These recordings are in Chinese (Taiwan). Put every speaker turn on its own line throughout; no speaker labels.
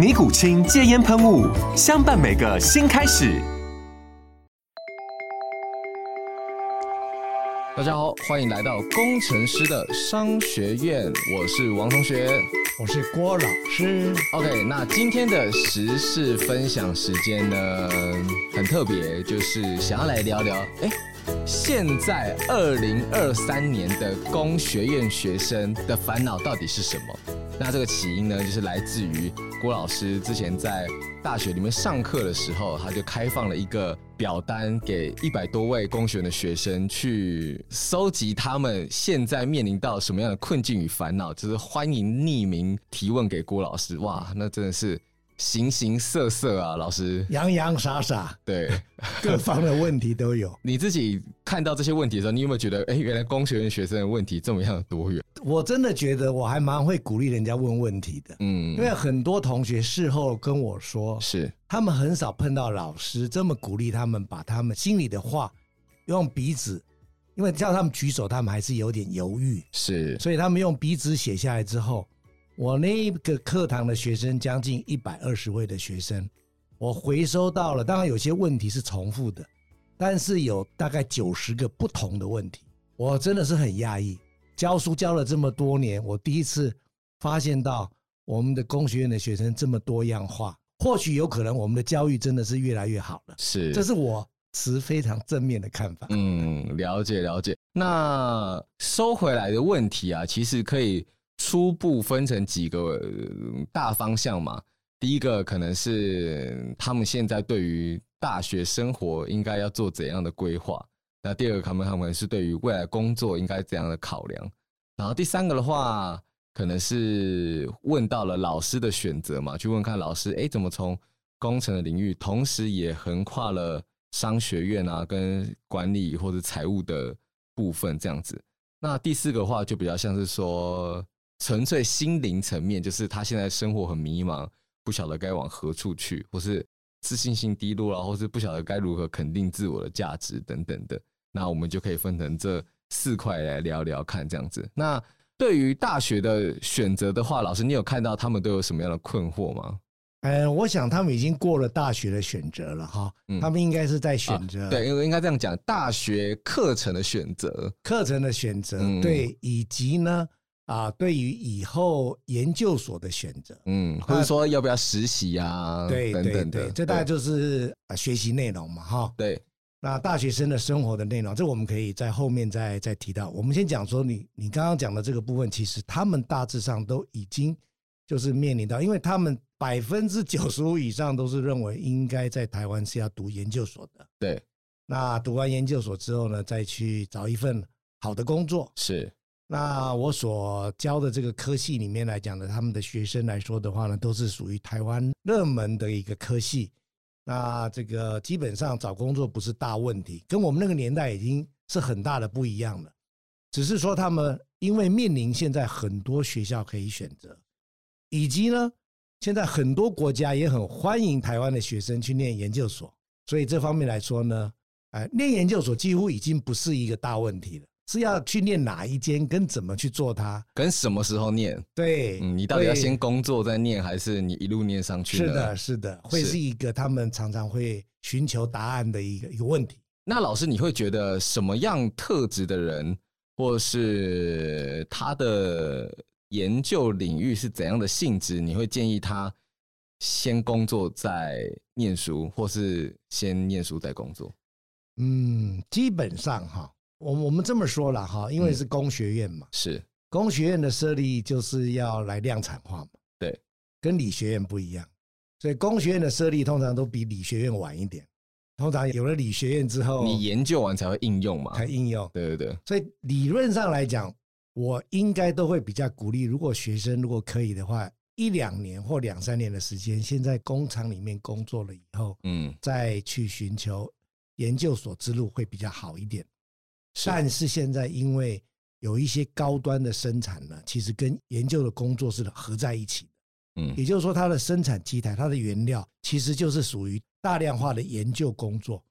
尼古清戒煙噴霧，相伴每個新開始。大家好，歡迎來到工程師的商學院，我是王同學，我是郭老師。OK，那今天的時事分享時間呢，很特別，就是想要來聊聊，哎，現在二零二三年的工學院學生的煩惱到底是什麼？那這個起因呢，就是來自於郭老師之前在大學裡面上課的時候，他就開放了一個表單給一百多位工學院的學生去蒐集他們現在面臨到什麼樣的困境與煩惱，就是歡迎匿名提問給郭老師。哇，那真的是。形形色色啊，老師，
洋洋灑灑，
對，各方的
問題都有。
你自己看到這些問題的時候，你有沒有覺得，哎、欸，原來工學院學生的問題
這麼樣多元？我真的覺得我還蠻會鼓勵人家問問題的，嗯，因為很多同學事後跟我說，是，他們很少碰到老師這麼鼓勵他們，把他們心裡的話用筆紙，因為叫他們舉手，他們還是有點猶豫，是，所以他們用筆紙寫下來之後。我那個課堂的學生將近一百二十位的學生，我回收到了，當然有些問題是重複的，但是有大概九十個不同的問題，我真的是很訝異，教書教了這麼多年，我第一次發現到我們的工學院的學生這麼多樣化，或許有可能我們的教育真的是越來越好了，是，這是我持非常正面的看法
的。嗯，了解了解。那收回來的問題啊，其實可以。初步分成幾個大方向嘛，第一個可能是他們現在對於大學生活應該要做怎樣的規劃，那第二個他們是對於未來工作應該怎樣的考量，然後第三個的話可能是問到了老師的選擇嘛，去問看老師哎，怎麼從工程的領域，同時也橫跨了商學院啊、跟管理或者財務的部分這樣子，那第四個的話就比較像是說。純粹心靈層面，就是他現在生活很迷茫，不曉得該往何處去，或是自信心低落，或是不曉得該如何肯定自我的價值等等的。那我們就可以分成這四塊來聊聊看，這樣子。那對於大學的選擇的話，老師，你有看到他們都有什麼樣的困惑嗎？
嗯、呃、我想他們已經過了大學的選擇了哈，嗯、他們應該是在選擇，啊、對，因為應該這樣講，大學課程的選擇，課程的選擇，嗯、對，以及呢，啊，對於以後研究所的選擇，嗯，或者說
要不要實習啊，那對，對，等等對，這大概就
是學習內容嘛，哈。對，那大學生的生活的內容，這我們可以在後面再再提到。我們先講說你你剛剛講的這個部分，其實他們大致上都已經就是面臨到，因為他們百分之九十五以上都是認為應該在台灣是要讀研究所的。對，那讀完研究所之後呢，再去找一份好的工作。是。那我所教的這個科系裡面來講的，他們的學生來說的話呢，都是屬於台灣熱門的一個科系。那這個基本上找工作不是大問題，跟我們那個年代已經是很大的不一樣了。只是說他們因為面臨現在很多學校可以選擇，以及呢現在很多國家也很歡迎台灣的學生去念研究所，所以這方面來說呢，哎，念研究所幾乎已經不是一個大問題了。是要去念哪一間，跟怎麼去做它，
跟什麼時候念？對，嗯，你到底要先工作再念，對還是你一路念上去？是的，是
的，會是一個他們常常會尋求答案的一個一個問題。
那老師，你會覺得什麼樣特質的人，或是他的研究領域是怎樣的性質，你會建議他先工作再念書，或是先念書再工作？
嗯，基本上哈。我我們這麼說了哈，因為是工學院嘛，嗯、是工學院的設立就是要來量產化嘛，對，跟理學院不一樣，所以工學院的設立通常都比理學院晚一點。通常有了理學院之後，你研究完才會應用嘛，才應用，對對對。所以理論上來講，我應該都會比較鼓勵，如果學生如果可以的話，一兩年或兩三年的時間，先在工廠裡面工作了以後，嗯，再去尋求研究所之路會比較好一點。是，但是現在，因為有一些高端的生產呢，其實跟研究的工作是合在一起的。
嗯，也
就是說，它的生產機台、它的原料，其實就是屬於大量化的研究工作。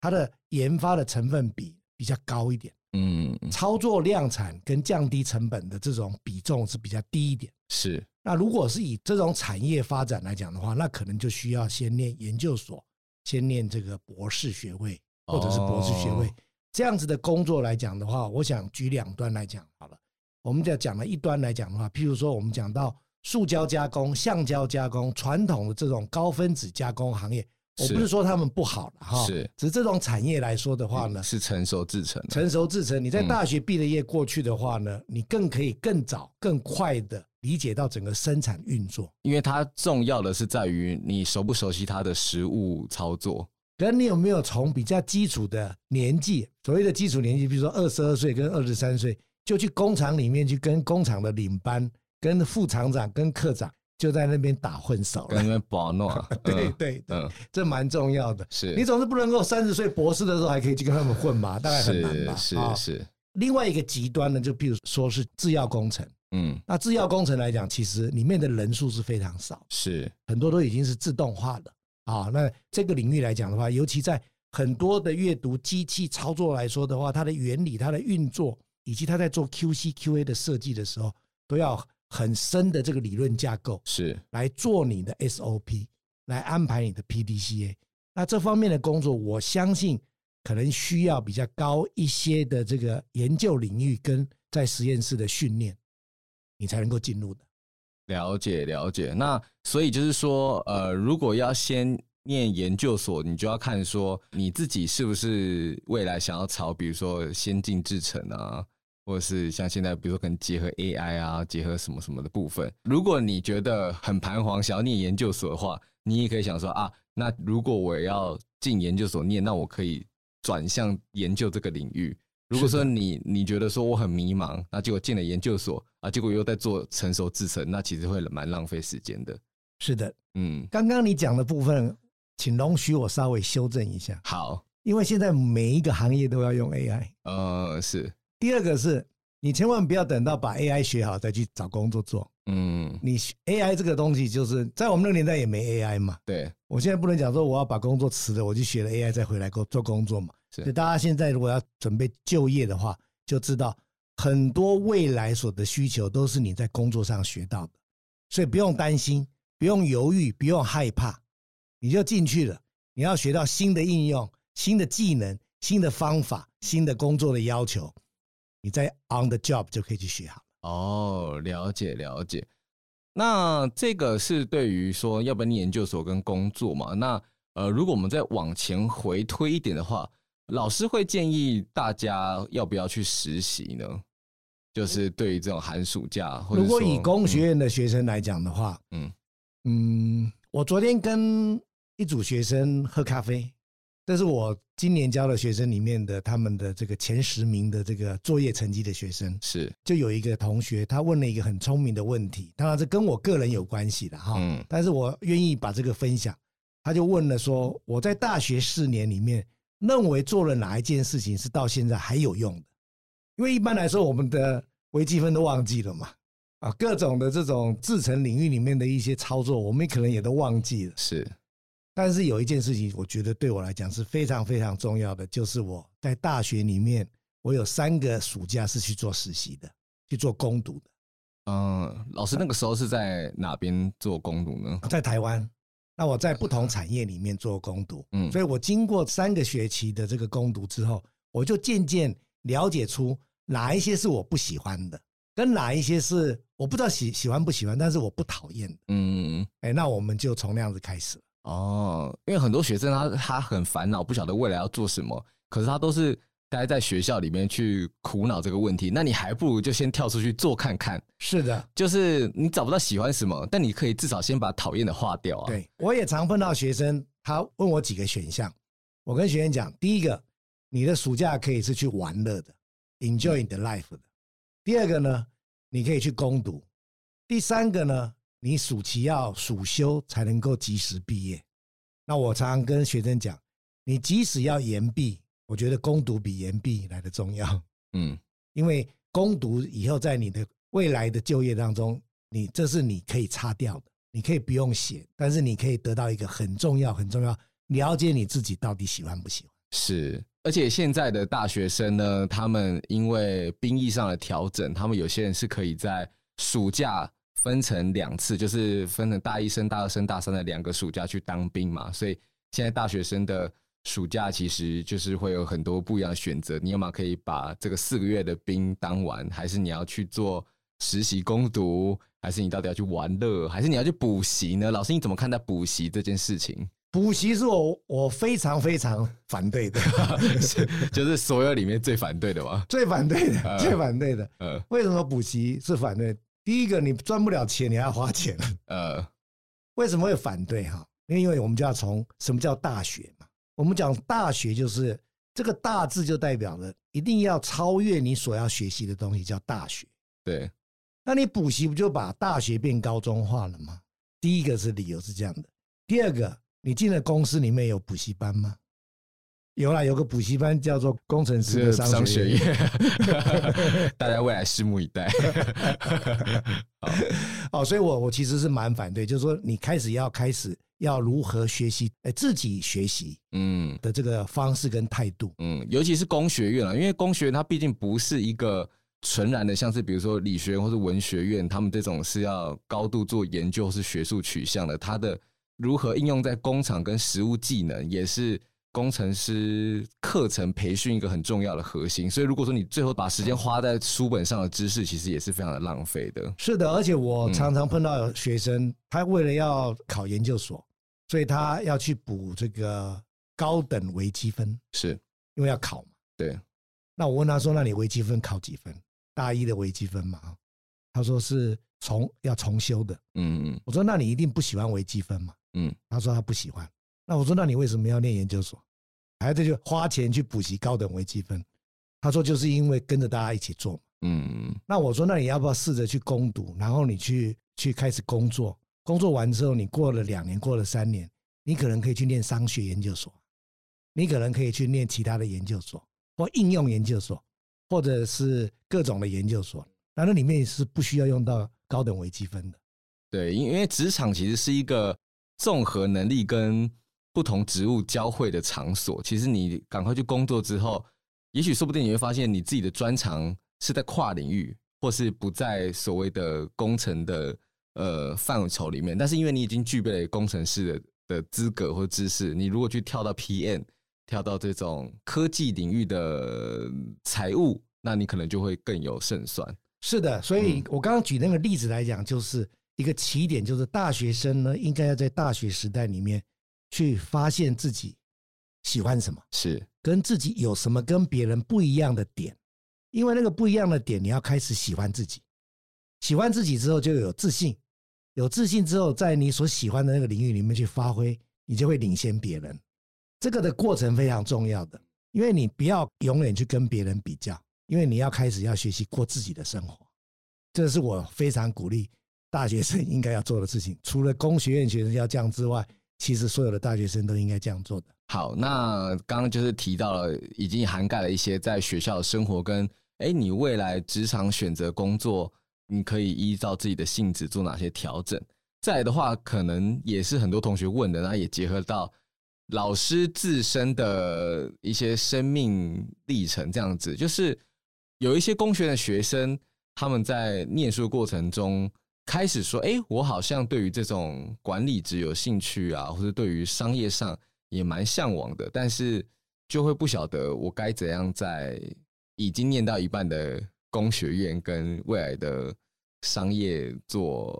它的研發的成分比比較高一點。嗯，操作量產跟降低成本的這種比重是比較低一點。是。那如果是以這種產業發展來講的話，那可能就需要先念研究所，先念這個博士學位，或者是博士學位。哦這樣子的工作來講的話，我想舉兩端來講好了。我們就講了一端來講的話，譬如說我們講到塑膠加工、橡膠加工、傳統的這種高分子加工行業，是我不是說他們不好哈，是只是這種產業來說的話呢，嗯、是
成熟製程。成
熟製程，你在大學畢了業過去的話呢，嗯、你更可以更早、更快的理解到整個生產運作，因為它重
要的是在於你熟不熟悉它的實物操作。
但你有沒有從比較基礎的年紀，所謂的基礎年紀，比如說二十二歲跟二十三歲，就去工廠裡面去跟工廠的領班、跟副廠長、跟科長，就在那邊打混熟了。跟你們保諾對對對，嗯、這蠻重要的。是你總是不能夠三十歲博士的時候還可以去跟他們混吧？大概很難吧。是是是。是好是另外一個極端呢，就比如說是製藥工程。嗯，那製藥工程來講，其實裡面的人數是非常少，是很多都已經是自動化了。啊，那這個領域來講的話，尤其在很多的閱讀機器操作來說的話，它的原理、它的運作，以及它在做 Q C Q A 的設計的時候，都要很深的這個理論架構，是，來做你的 S O P，是，來安排你的 P D C A。那這方面的工作，我相信可能需要比較高一些的這個研究領域跟在實驗室的訓練，你才能夠進入的。
了解了解，那所以就是說，呃，如果要先念研究所，你就要看說你自己是不是未來想要朝，比如說先進製程啊，或者是像現在比如說可能結合 AI 啊，結合什麼什麼的部分。如果你覺得很彷徨，想要念研究所的話，你也可以想說啊，那如果我要進研究所念，那我可以轉向研究這個領域。如果說你的你覺得說我很迷茫，那結果進了研究所啊，結果又在做成熟製程，那其實會蠻浪費時間的。是的，嗯，
剛剛你講的部分，請容許我稍微修正一下。好，因為現在每一個行業都要用 AI。嗯、呃，是。第二個是，你千萬不要等到把 AI 學好再去找工作做。嗯。你 AI 這個東西就是在我們那個年代也沒 AI 嘛。對。我現在不能講說我要把工作辭了，我就學了 AI 再回來做工作嘛。就大家現在如果要準備就業的話，就知道很多未來所的需求都是你在工作上學到的，所以不用擔心，不用猶豫，不用害怕，你就進去了。你要學到新的應用、新的技能、新的方法、新的工作的要求，你在 on the job 就可以去學好
了。哦，了解了解。那這個是對於說要不然你研究所跟工作嘛？那呃，如果我們再往前回推一點的話，老師會建議大家要不要去實習呢？就是對於這種寒暑假，或者如果以工
學院的學生來講的話，嗯嗯，我昨天跟一組學生喝咖啡，但是我今年教的學生裡面的他們的這個前十名的這個作業成績的學生，是，就有一個同學，他問了一個很聰明的問題，當然是跟我個人有關係的哈，嗯，但是我願意把這個分享，他就問了說，我在大學四年裡面。認為做了哪一件事情是到現在還有用的？因為一般來說，我們的微積分都忘記了嘛，啊，各種的這種製程領域裡面的一些操作，我們可能也都忘記了。是，但是有一件事情，我覺得對我來講是非常非常重要的，就是我在大學裡面，我有三個暑假是去做實習的，去做工讀的。
嗯，老師那個時候是在哪邊做工讀呢？
在台灣。那我在不同產業裡面做工讀，嗯，嗯，所以我經過三個學期的這個工讀之後，我就漸漸了解出哪一些是我不喜歡的，跟哪一些是我不知道喜喜歡不喜歡，但是我不討厭。嗯，嗯，哎、欸，那我們就從那樣子開始。哦，因為很多學生他他很煩惱，不曉得未來要做什
麼，可是他都是，待在學校裡面去苦惱這個問題，那你還不如就先跳出去做看看。是的，就是你找不到喜歡什麼，但你可以至少先把討厭的劃掉啊。對，
我也常碰到學生，他問我幾個選項，我跟學生講：第一個，你的暑假可以是去玩樂的，enjoying the life 的；嗯、第二個呢，你可以去攻讀；第三個呢，你暑期要暑修才能夠及時畢業。那我常常跟學生講，你即使要延畢。我覺得工讀，比延畢來的重要，嗯，因為工讀以後在你的未來的就業當中，你這是你可以擦掉的，你可以不用寫，但是你可以得到一個很重要、很重要，了解你自己到底喜歡不喜歡。
嗯、是，而且現在的大學生呢，他們因為兵役上的調整，他們有些人是可以在暑假分成兩次，就是分成大一升大二、升大三的兩個暑假去當兵嘛，所以現在大學生的暑假其實就是會有很多不一樣的選擇，你有沒有可以把這個四個月的兵當完，還是你要去做實習攻讀，還是你到底要去玩樂，還是你要去補習呢？老師，你怎麼看待補習這件事情？
補習是我我非常非常反對的
就是所有裡面最反對的吧？ 最反對的，最
反對的。呃，呃為什麼補習是反對？第一個，你賺不了錢，你還要花錢。呃，為什麼會反對哈？因為，我們就要從什麼叫大學嘛。我們講大學就是這個“大”字，就代表了一定要超越你所要學習的東西，叫大學。對，那你補習不就把大學變高中化了嗎？第一個是理由是這樣的，第二個，你進了公司裡面有補習班嗎？有啦，有個補習班叫做工程師的商學院，學院
大家未來拭目以待。
哦 好，所以我我其實是蠻反對，就是說你開始要開始要如何學習，自己學習，嗯，的這個方式跟態度嗯，
嗯，尤其是工學院啊，因為工學院它畢竟不是一個純然的，像是比如說理學院或者文學院，他們這種是要高度做研究，是學術取向的，它的如何應用在工廠跟實務技能也是。工程師課程培訓一個很重要的核心，所以如果說你最後把時間花在書本上的知識，其實也是非常的浪費的。
是的，而且我常常碰到有學生，嗯、他為了要考研究所，所以他要去補這個高等微積分，是因為要考嘛。對。那我問他說：“那你微積分考幾分？大一的微積分嘛？”他說是：“是重要重修的。”嗯，嗯。我說：“那你一定不喜歡微積分嘛？”嗯。他說：“他不喜歡。”那我說：“那你為什麼要念研究所？”還這就花錢去補習高等微積分，他說就是因為跟着大家一起做。嗯，那我說，那你要不要試着去攻讀？然後你去去開始工作，工作完之後，你過了兩年，過了三年，你可能可以去念商學研究所，你可能可以去念其他的研究所或應用研究所，或者是各種的研究所。那那裡面是不需要用到高等微積分的。
對，因為職場其實是一個綜合能力跟。不同職務交匯的場所，其實你趕快去工作之後，也許說不定你會發現你自己的專長是在跨領域，或是不在所謂的工程的呃範疇裡面。但是因為你已經具備了工程師的的資格或知識，你如果去跳到 PM 跳到這種科技領域的財務，那你可能就會更有勝算。
是的，所以我剛剛舉那個例子來講，嗯、就是一個起點，就是大學生呢應該要在大學時代裡面。去發現自己喜歡什麼，是跟自己有什麼跟別人不一樣的點，因為那個不一樣的點，你要開始喜歡自己，喜歡自己之後就有自信，有自信之後，在你所喜歡的那個領域裡面去發揮，你就會領先別人。這個的過程非常重要的，因為你不要永遠去跟別人比較，因為你要開始要學習過自己的生活，這是我非常鼓勵大學生應該要做的事情。除了工學院學生要這樣之外，其實所有的大學生都應該這樣做的。
好，那剛剛就是提到了，已經涵蓋了一些在學校的生活跟哎，你未來職場選擇工作，你可以依照自己的性質做哪些調整。再來的話，可能也是很多同學問的，那也結合到老師自身的一些生命歷程，這樣子就是有一些工學院的學生，他們在念書的過程中，開始說，哎、欸，我好像對於這種管理職有興趣啊，或是對於商業上也蠻嚮往的，但是就會不曉得我該怎樣在已經念到一半的工學院跟未來的商業做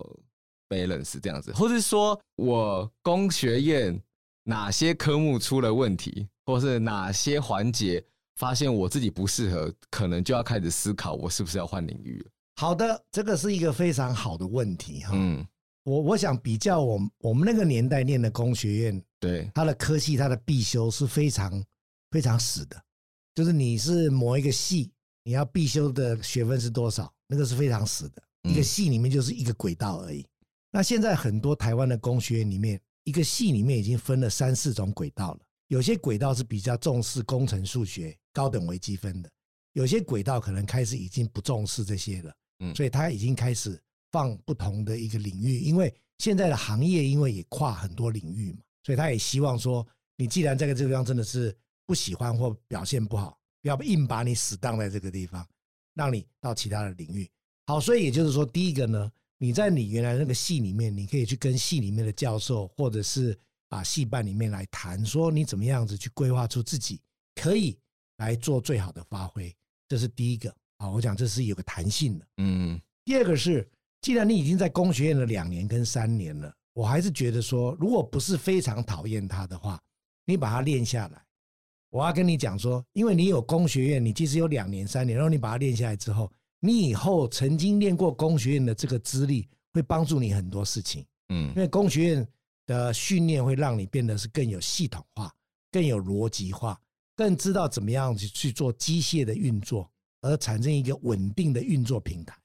balance 這樣子，或是說我工學院哪些科目出了問題，或是哪些環節發現我自己不適合，可能就要開始思考我是不是要換領域了。
好的，這個是一個非常好的問題哈。嗯，我我想比較我們我們那個年代念的工學院，對它的科系、它的必修是非常非常死的，就是你是某一個系，你要必修的學分是多少，那個是非常死的。一個系裡面就是一個軌道而已。嗯，那現在很多台灣的工學院裡面，一個系裡面已經分了三四種軌道了，有些軌道是比較重視工程數學、高等微積分的，有些軌道可能開始已經不重視這些了。嗯，所以他已經開始放不同的一個領域，因為現在的行業因為也跨很多領域嘛，所以他也希望說，你既然在這個地方真的是不喜歡或表現不好，不要硬把你死當在這個地方，讓你到其他的領域。好，所以也就是說，第一個呢，你在你原來那個系裡面，你可以去跟系裡面的教授或者是啊系辦裡面來談，說你怎麼樣子去規劃出自己可以來做最好的發揮，這是第一個。好，我講這是有個彈性的，嗯，嗯。第二個是，既然你已經在工學院了兩年跟三年了，我還是覺得說，如果不是非常討厭它的話，你把它唸下來。我要跟你講說，因為你有工學院，你即使有兩年、三年，然後你把它唸下來之後，你以後曾經唸過工學院的這個資歷，會幫助你很多事情。嗯，因為工學院的訓練會讓你變得是更有系統化、更有邏輯化、更知道怎麼樣去去做機械的運作。而產生一個穩定的運作平台，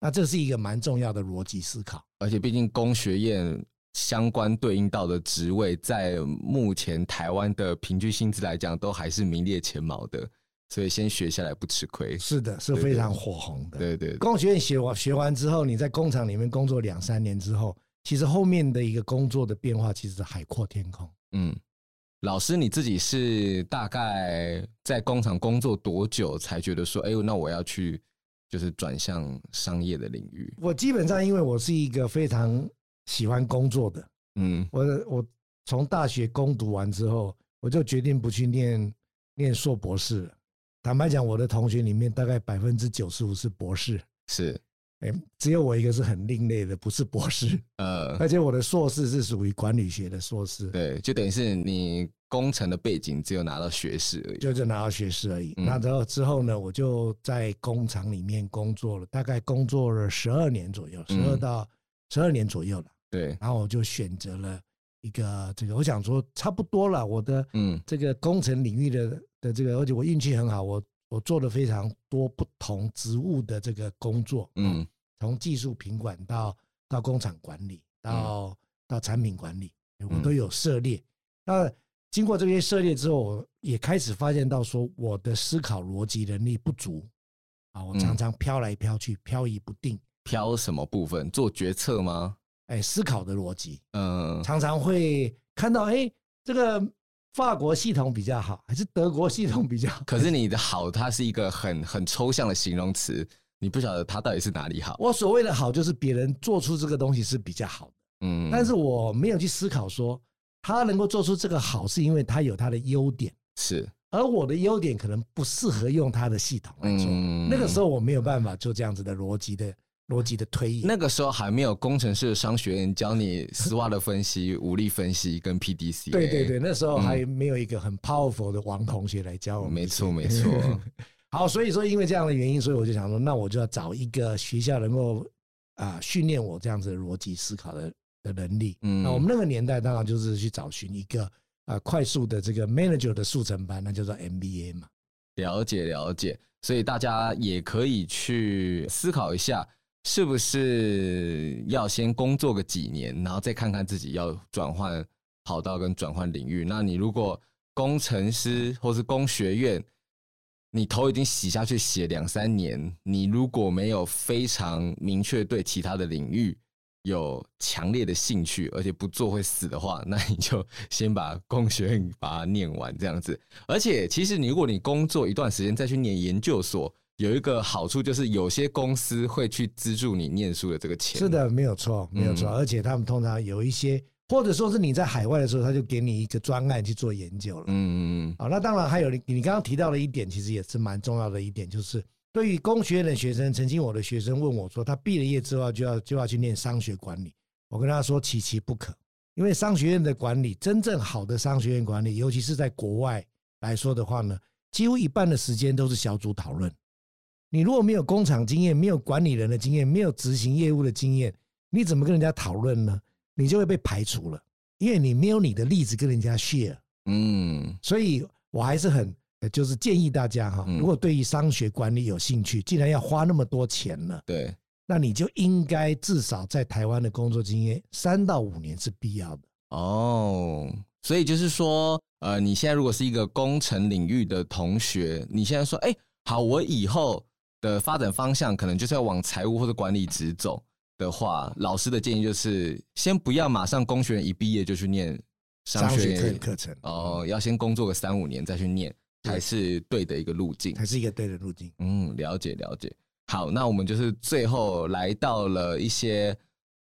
那這是一個蠻重要的邏輯思考。
而且，畢竟工學院相關對應到的職位，在目前台灣的平均薪資來講，都還是名列前茅的，所以先學下來不吃虧。是的，是非常火紅的。對對，對，對對，工學
院學完學完之後，你在工廠裡面工作兩三年之後，其實後面的一個工作的變化，其實是海闊天空。
嗯。老師，你自己是大概在工廠工作多久才覺得說，哎呦，那我要去，就是轉向商業的領域？
我基本上，因為我是一個非常喜歡工作的，
嗯，
我我從大學攻讀完之後，我就決定不去念念碩博士了。坦白講，我的同學裡面大概百分之九十五是博士。是。欸、只有我一個是很另類的，不是博士，呃，而且我的碩士是屬於管理學的碩士，
對，就等於是你工程的背景只有拿到學士而已，就就拿
到學士而已。嗯、那之後之後呢，我就在工廠裡面工作了，大概工作了十二年左右，十二到十二年左右了。對、嗯，然後我就選擇了一個這個，我想說差不多了，我的嗯，這個工程領域的的這個，而且我運氣很好，我我做了非常多不同職務的這個工作，嗯。從技術品管到到工廠管理，到、嗯、到產品管理，我都有涉獵。嗯、那經過這些涉獵之後，我也開始發現到說我的思考邏輯能力不足啊，我常常飄來飄去，嗯、飄移不定。飄什麼部分？做決策嗎？哎、欸，思考的邏輯，嗯，常常會看到，哎、欸，這個法國系統比較好，還是德國系統比
較好？可是你的好，它是一個很很抽象的形容詞。你不曉得他到底是哪裡
好？我所謂的好，就是別人做出這個東西是比較好的。嗯，但是我沒有去思考說他能夠做出這個好，是因為他有他的優點。是，而我的優點可能不適合用他的系統來做。嗯、那個時候我沒有辦法做這樣子的邏輯的邏輯的推演。
那個時候還沒有工程師的商學院教你 SWOT 的分析、五 力分析跟 PDC。對對對，那時候還
沒有一個很 powerful 的王同學來教我。沒錯，沒錯。好，所以說因為這樣的原因，所以我就想說，那我就要找一個學校能夠啊訓練我這樣子的邏輯思考的的能力。嗯，那我們那個年代當然就是去找尋一個啊、呃、快速的這個 manager 的速成班，那叫做 MBA 嘛。
了解，了解，所以大家也可以去思考一下，是不是要先工作個幾年，然後再看看自己要轉換跑道跟轉換領域。那你如果工程師或是工學院。你頭已經洗下去洗兩三年，你如果沒有非常明確對其他的領域有強烈的興趣，而且不做會死的話，那你就先把工學把它念完這樣子。而且，其實你如果你工作一段時間再去念研究所，有一個好處就是有些公司會去資助你念書的這個錢。是的，沒有
錯，沒有錯，嗯、而且他們通常有一些。或者說是你在海外的時候，他就給你一個專案去做研究了。
嗯
嗯嗯。啊，那當然還有你你剛剛提到的一點，其實也是蠻重要的一點，就是對於工學院的學生，曾經我的學生問我說，他畢了業之後就要就要去念商學管理，我跟他說，期期不可，因為商學院的管理真正好的商學院管理，尤其是在國外來說的話呢，幾乎一半的時間都是小組討論。你如果沒有工廠經驗，沒有管理人的經驗，沒有執行業務的經驗，你怎麼跟人家討論呢？你就會被排除了，因為你沒有你的例子跟人家 share，嗯，所以我還是很就是建議大家哈，嗯、如果對於商學管理有興趣，既然要花那麼多錢了，對，那你就應該至少在台灣的工作經驗三到五年是必要的。
哦，所以就是說，呃，你現在如果是一個工程領域的同學，你現在說，哎、欸，好，我以後的發展方向可能就是要往財務或者管理職走。的話，老師的建議就是先不要馬上工學一畢業就去念商學課程哦，要先工作個三五年再去念對才是對的一個路徑，才是一個對的路徑。嗯，了解了解。好，那我們就是最後來到了一些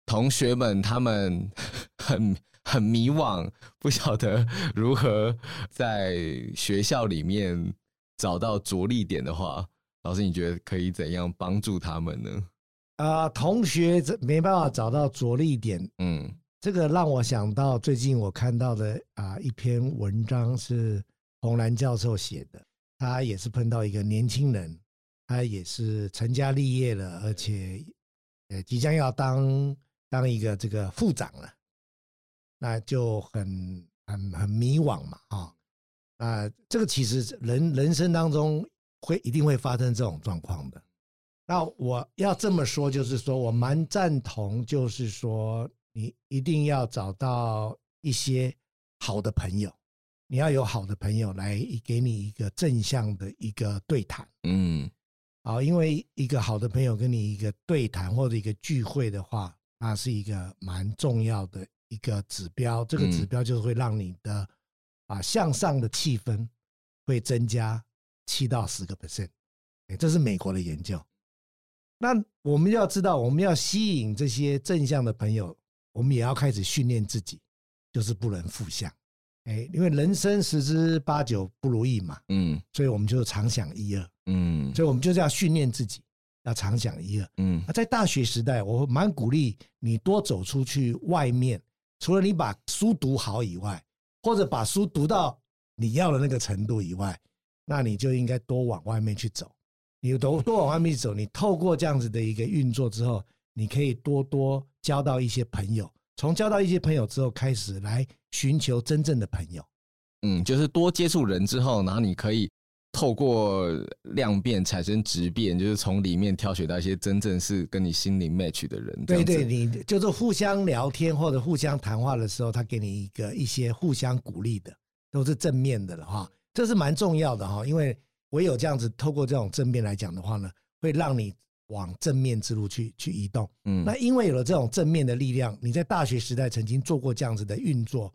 同學們，他們很很迷惘，不曉得如何在學校裡面找到着力點的話，老師你覺得可以怎樣幫助他們呢？
啊、呃，同學，這沒辦法找到着力點。嗯，這個讓我想到最近我看到的啊、呃、一篇文章，是洪蘭教授寫的。他也是碰到一個年輕人，他也是成家立業了，而且呃即將要當當一個這個副長了，那就很很很迷惘嘛啊。那、哦呃、這個其實人人生當中會一定會發生這種狀況的。那我要這麼說，就是說我蠻贊同，就是說你一定要找到一些好的朋友，你要有好的朋友來給你一個正向的一個對談，嗯，好，因為一個好的朋友跟你一個對談或者一個聚會的話，那是一個蠻重要的一個指標，這個指標就是會讓你的啊向上的氣氛會增加七到十個 percent，哎，這是美國的研究。那我們要知道，我們要吸引這些正向的朋友，我們也要開始訓練自己，就是不能負向，哎、欸，因為人生十之八九不如意嘛，嗯，所以我們就常想一二，嗯，所以我們就是要訓練自己，要常想一二，嗯，在大學時代，我蠻鼓勵你多走出去外面，除了你把書讀好以外，或者把書讀到你要的那個程度以外，那你就應該多往外面去走。你都多往外面走，你透過這樣子的一個運作之後，你可以多多交到一些朋友。從交到一些朋友之後，開始來尋求真正的朋友。嗯，
就是多接觸人之後，然後你可以透過量變產生質變，就是從裡面挑選到一些真正是跟你心靈 match 的人。對對，
你就是互相聊天或者互相談話的時候，他給你一個一些互相鼓勵的，都是正面的了哈。這是蠻重要的哈，因為。唯有這樣子透過這種正面來講的話呢，會讓你往正面之路去去移動。嗯，那因為有了這種正面的力量，你在大學時代曾經做過這樣子的運作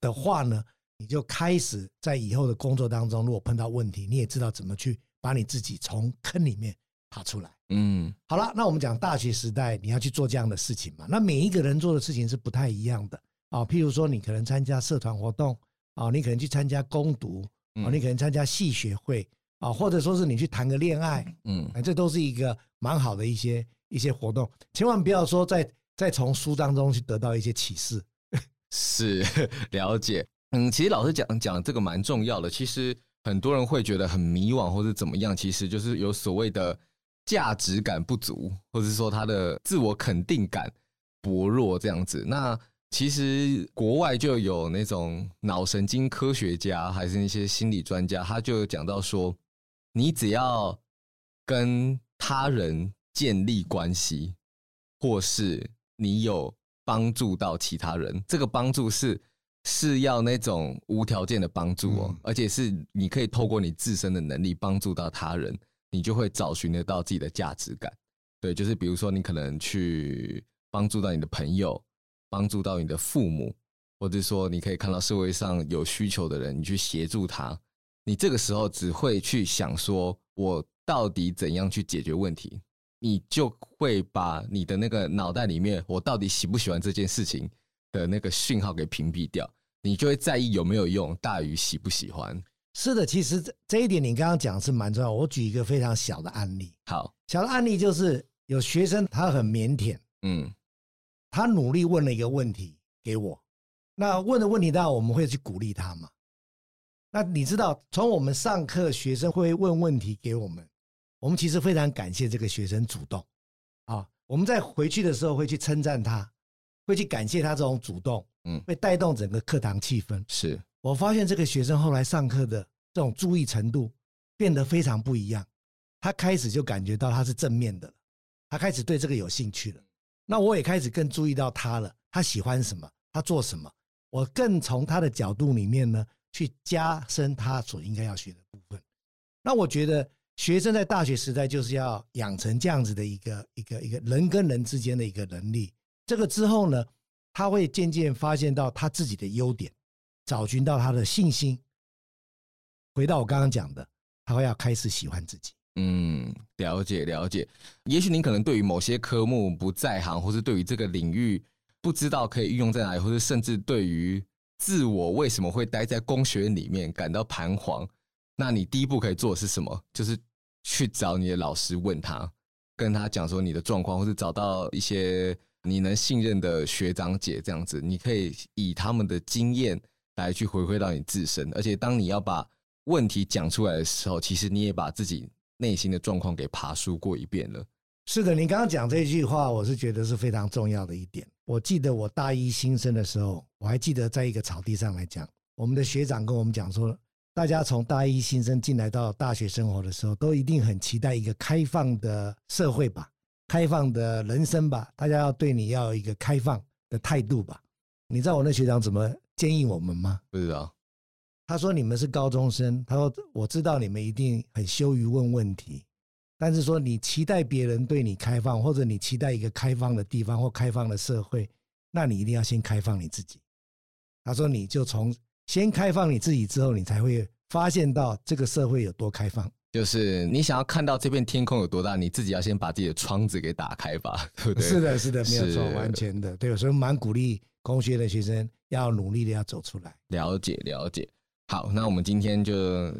的話呢，你就開始在以後的工作當中，如果碰到問題，你也知道怎麼去把你自己從坑裡面爬出來。嗯，好啦，那我們講大學時代你要去做這樣的事情嘛？那每一個人做的事情是不太一樣的啊。譬如說，你可能參加社團活動啊，你可能去參加工讀啊，你可能參加系學會。嗯啊，或者說是你去談個戀愛，嗯，這都是一個蠻好的一些一些活動，千萬不要說再再從書當中去得到一些啟示。
是，了解。嗯，其實老師講講這個蠻重要的。其實很多人會覺得很迷惘或者怎麼樣，其實就是有所謂的價值感不足，或者說他的自我肯定感薄弱這樣子。那其實國外就有那種腦神經科學家還是那些心理專家，他就講到說，你只要跟他人建立關係，或是你有幫助到其他人，這個幫助是是要那種無條件的幫助哦，嗯，而且是你可以透過你自身的能力幫助到他人，你就會找尋得到自己的價值感。對，就是比如說你可能去幫助到你的朋友，幫助到你的父母，或者說你可以看到社會上有需求的人，你去協助他。你這個時候只會去想說，我到底怎樣去解決問題？你就會把你的那個腦袋裡面，我到底喜不喜歡這件事情的那個訊號給屏蔽掉。你就會在意有沒有用，大於喜不喜歡。
是的，其實這一點你剛剛講是蠻重要。我舉一個非常小的案例，好，小的案例就是有學生他很靦腆，嗯，他努力問了一個問題給我。那問的問題當然我們會去鼓勵他嘛。那你知道，從我們上課，學生會問問題給我們，我們其實非常感謝這個學生主動，啊，我們在回去的時候會去稱讚他，會去感謝他這種主動，嗯，會帶動整個課堂氣氛。是，我發現這個學生後來上課的這種注意程度變得非常不一樣，他開始就感覺到他是正面的了，他開始對這個有興趣了。那我也開始更注意到他了，他喜歡什麼，他做什麼，我更從他的角度裡面呢。去加深他所應該要學的部分。那我覺得學生在大學時代就是要養成這樣子的一個一個一個人跟人之間的一個能力。這個之後呢，他會漸漸發現到他自己的優點，找尋到他的信心。回到我剛剛講的，他會要開始喜歡自己。
嗯，了解，了解。也許您可能對於某些科目不在行，或是對於這個領域不知道可以運用在哪裡，或是甚至對於。自我為什麼會待在工學院裡面感到彷徨？那你第一步可以做的是什麼？就是去找你的老師問他，跟他講說你的狀況，或者找到一些你能信任的學長姐這樣子，你可以以他們的經驗來去回饋到你自身。而且當你要把問題講出來的時候，其實你也把自己內心的狀況給爬梳過一遍了。
是的，你剛剛講這句話，我是覺得是非常重要的一點。我記得我大一新生的時候，我還記得在一個草地上來講，我們的學長跟我們講說，大家從大一新生進來到大學生活的時候，都一定很期待一個開放的社會吧，開放的人生吧，大家要對你要有一個開放的態度吧。你知道我那學長怎麼建議我們嗎？對啊，他說你們是高中生，他說我知道你們一定很羞於問問題。但是說，你期待別人對你開放，或者你期待一個開放的地方或開放的社會，那你一定要先開放你自己。他說，你就從先開放你自己之後，你才會發現到這個社會有多開放。
就是你想要看到這片天空有多大，你自己要先把自己的窗子給打開吧。對不對？是的，是的，沒有錯，是的，完
全的。對，所以蠻鼓勵工學的學生要努力的，要走出來，
了解了解。了解好，那我們今天就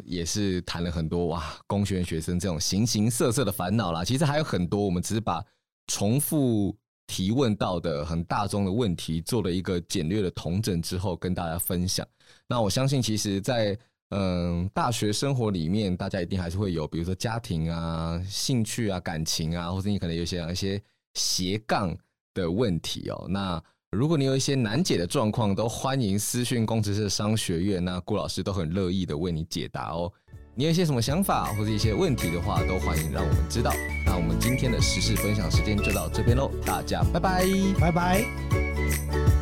也是談了很多哇，工學院學生這種形形色色的煩惱啦。其實還有很多，我們只是把重複提問到的很大眾的問題做了一個簡略的統整之後跟大家分享。那我相信，其實在，在，呃、嗯，大學生活裡面，大家一定還是會有，比如說家庭啊、興趣啊、感情啊，或者你可能有些有一些斜槓的問題哦、喔。那如果你有一些難解的狀況，都歡迎私訊公職社商學院，那顧老師都很樂意的為你解答哦。你有一些什麼想法或者一些問題的話，都歡迎讓我們知道。那我們今天的時事分享時間就到這邊嘍，大家拜拜，
拜拜。